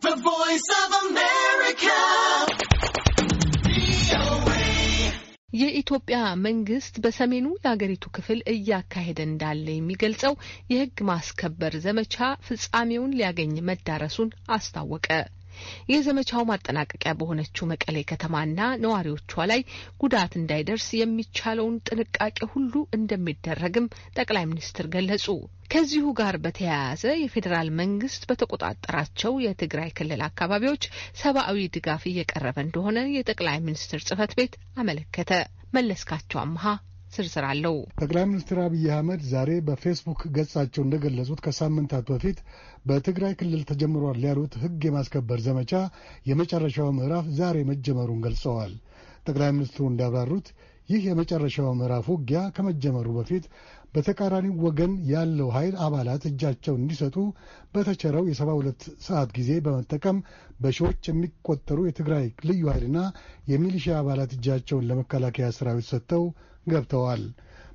The Voice of America. የኢትዮጵያ መንግስት በሰሜኑ የአገሪቱ ክፍል እያካሄደ እንዳለ የሚገልጸው የህግ ማስከበር ዘመቻ ፍጻሜውን ሊያገኝ መዳረሱን አስታወቀ። የዘመቻው ማጠናቀቂያ በሆነችው መቀሌ ከተማና ነዋሪዎቿ ላይ ጉዳት እንዳይደርስ የሚቻለውን ጥንቃቄ ሁሉ እንደሚደረግም ጠቅላይ ሚኒስትር ገለጹ። ከዚሁ ጋር በተያያዘ የፌዴራል መንግስት በተቆጣጠራቸው የትግራይ ክልል አካባቢዎች ሰብአዊ ድጋፍ እየቀረበ እንደሆነ የጠቅላይ ሚኒስትር ጽህፈት ቤት አመለከተ። መለስካቸው አምሃ ስርስር አለው። ጠቅላይ ሚኒስትር አብይ አህመድ ዛሬ በፌስቡክ ገጻቸው እንደገለጹት ከሳምንታት በፊት በትግራይ ክልል ተጀምሯል ያሉት ሕግ የማስከበር ዘመቻ የመጨረሻው ምዕራፍ ዛሬ መጀመሩን ገልጸዋል። ጠቅላይ ሚኒስትሩ እንዳብራሩት ይህ የመጨረሻው ምዕራፍ ውጊያ ከመጀመሩ በፊት በተቃራኒ ወገን ያለው ኃይል አባላት እጃቸውን እንዲሰጡ በተቸረው የሰባ ሁለት ሰዓት ጊዜ በመጠቀም በሺዎች የሚቆጠሩ የትግራይ ልዩ ኃይልና የሚሊሺያ አባላት እጃቸውን ለመከላከያ ሰራዊት ሰጥተው ገብተዋል።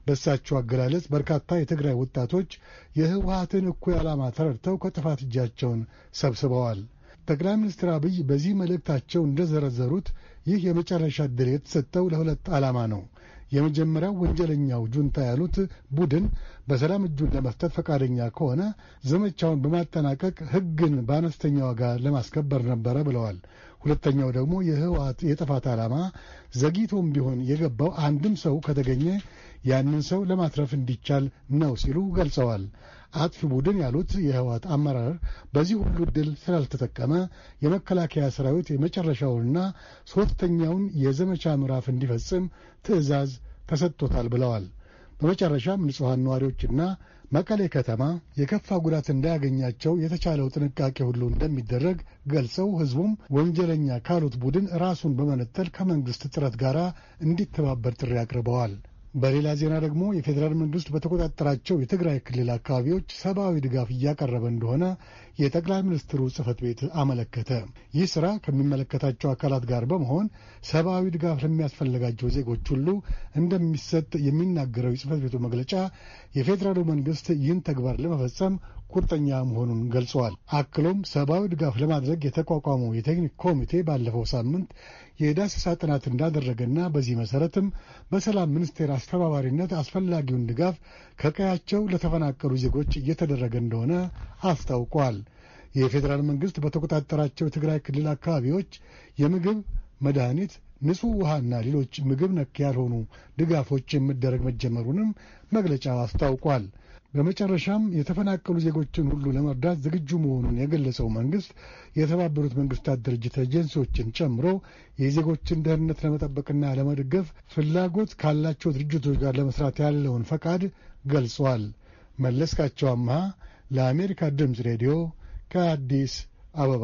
በእሳቸው አገላለጽ በርካታ የትግራይ ወጣቶች የህወሀትን እኩይ ዓላማ ተረድተው ከጥፋት እጃቸውን ሰብስበዋል። ጠቅላይ ሚኒስትር አብይ በዚህ መልእክታቸው እንደዘረዘሩት ይህ የመጨረሻ ዕድል የተሰጠው ለሁለት ዓላማ ነው። የመጀመሪያው ወንጀለኛው ጁንታ ያሉት ቡድን በሰላም እጁን ለመስጠት ፈቃደኛ ከሆነ ዘመቻውን በማጠናቀቅ ሕግን በአነስተኛ ዋጋ ለማስከበር ነበረ ብለዋል። ሁለተኛው ደግሞ የህወሓት የጥፋት ዓላማ ዘግይቶም ቢሆን የገባው አንድም ሰው ከተገኘ ያንን ሰው ለማትረፍ እንዲቻል ነው ሲሉ ገልጸዋል። አጥፊ ቡድን ያሉት የህወሓት አመራር በዚህ ሁሉ ድል ስላልተጠቀመ የመከላከያ ሰራዊት የመጨረሻውንና ሦስተኛውን የዘመቻ ምዕራፍ እንዲፈጽም ትዕዛዝ ተሰጥቶታል ብለዋል። በመጨረሻም ንጹሐን ነዋሪዎችና መቀሌ ከተማ የከፋ ጉዳት እንዳያገኛቸው የተቻለው ጥንቃቄ ሁሉ እንደሚደረግ ገልጸው ሕዝቡም ወንጀለኛ ካሉት ቡድን ራሱን በመነጠል ከመንግሥት ጥረት ጋር እንዲተባበር ጥሪ አቅርበዋል። በሌላ ዜና ደግሞ የፌዴራል መንግስት በተቆጣጠራቸው የትግራይ ክልል አካባቢዎች ሰብአዊ ድጋፍ እያቀረበ እንደሆነ የጠቅላይ ሚኒስትሩ ጽህፈት ቤት አመለከተ። ይህ ስራ ከሚመለከታቸው አካላት ጋር በመሆን ሰብአዊ ድጋፍ ለሚያስፈልጋቸው ዜጎች ሁሉ እንደሚሰጥ የሚናገረው የጽህፈት ቤቱ መግለጫ የፌዴራሉ መንግስት ይህን ተግባር ለመፈጸም ቁርጠኛ መሆኑን ገልጸዋል። አክሎም ሰብአዊ ድጋፍ ለማድረግ የተቋቋመው የቴክኒክ ኮሚቴ ባለፈው ሳምንት የዳሰሳ ጥናት እንዳደረገና በዚህ መሰረትም በሰላም ሚኒስቴር አስተባባሪነት አስፈላጊውን ድጋፍ ከቀያቸው ለተፈናቀሉ ዜጎች እየተደረገ እንደሆነ አስታውቋል። የፌዴራል መንግስት በተቆጣጠራቸው የትግራይ ክልል አካባቢዎች የምግብ መድኃኒት፣ ንጹህ ውሃና ሌሎች ምግብ ነክ ያልሆኑ ድጋፎች የሚደረግ መጀመሩንም መግለጫው አስታውቋል። በመጨረሻም የተፈናቀሉ ዜጎችን ሁሉ ለመርዳት ዝግጁ መሆኑን የገለጸው መንግስት የተባበሩት መንግስታት ድርጅት ኤጀንሲዎችን ጨምሮ የዜጎችን ደህንነት ለመጠበቅና ለመደገፍ ፍላጎት ካላቸው ድርጅቶች ጋር ለመስራት ያለውን ፈቃድ ገልጿል። መለስካቸው አምሃ ለአሜሪካ ድምፅ ሬዲዮ ከአዲስ አበባ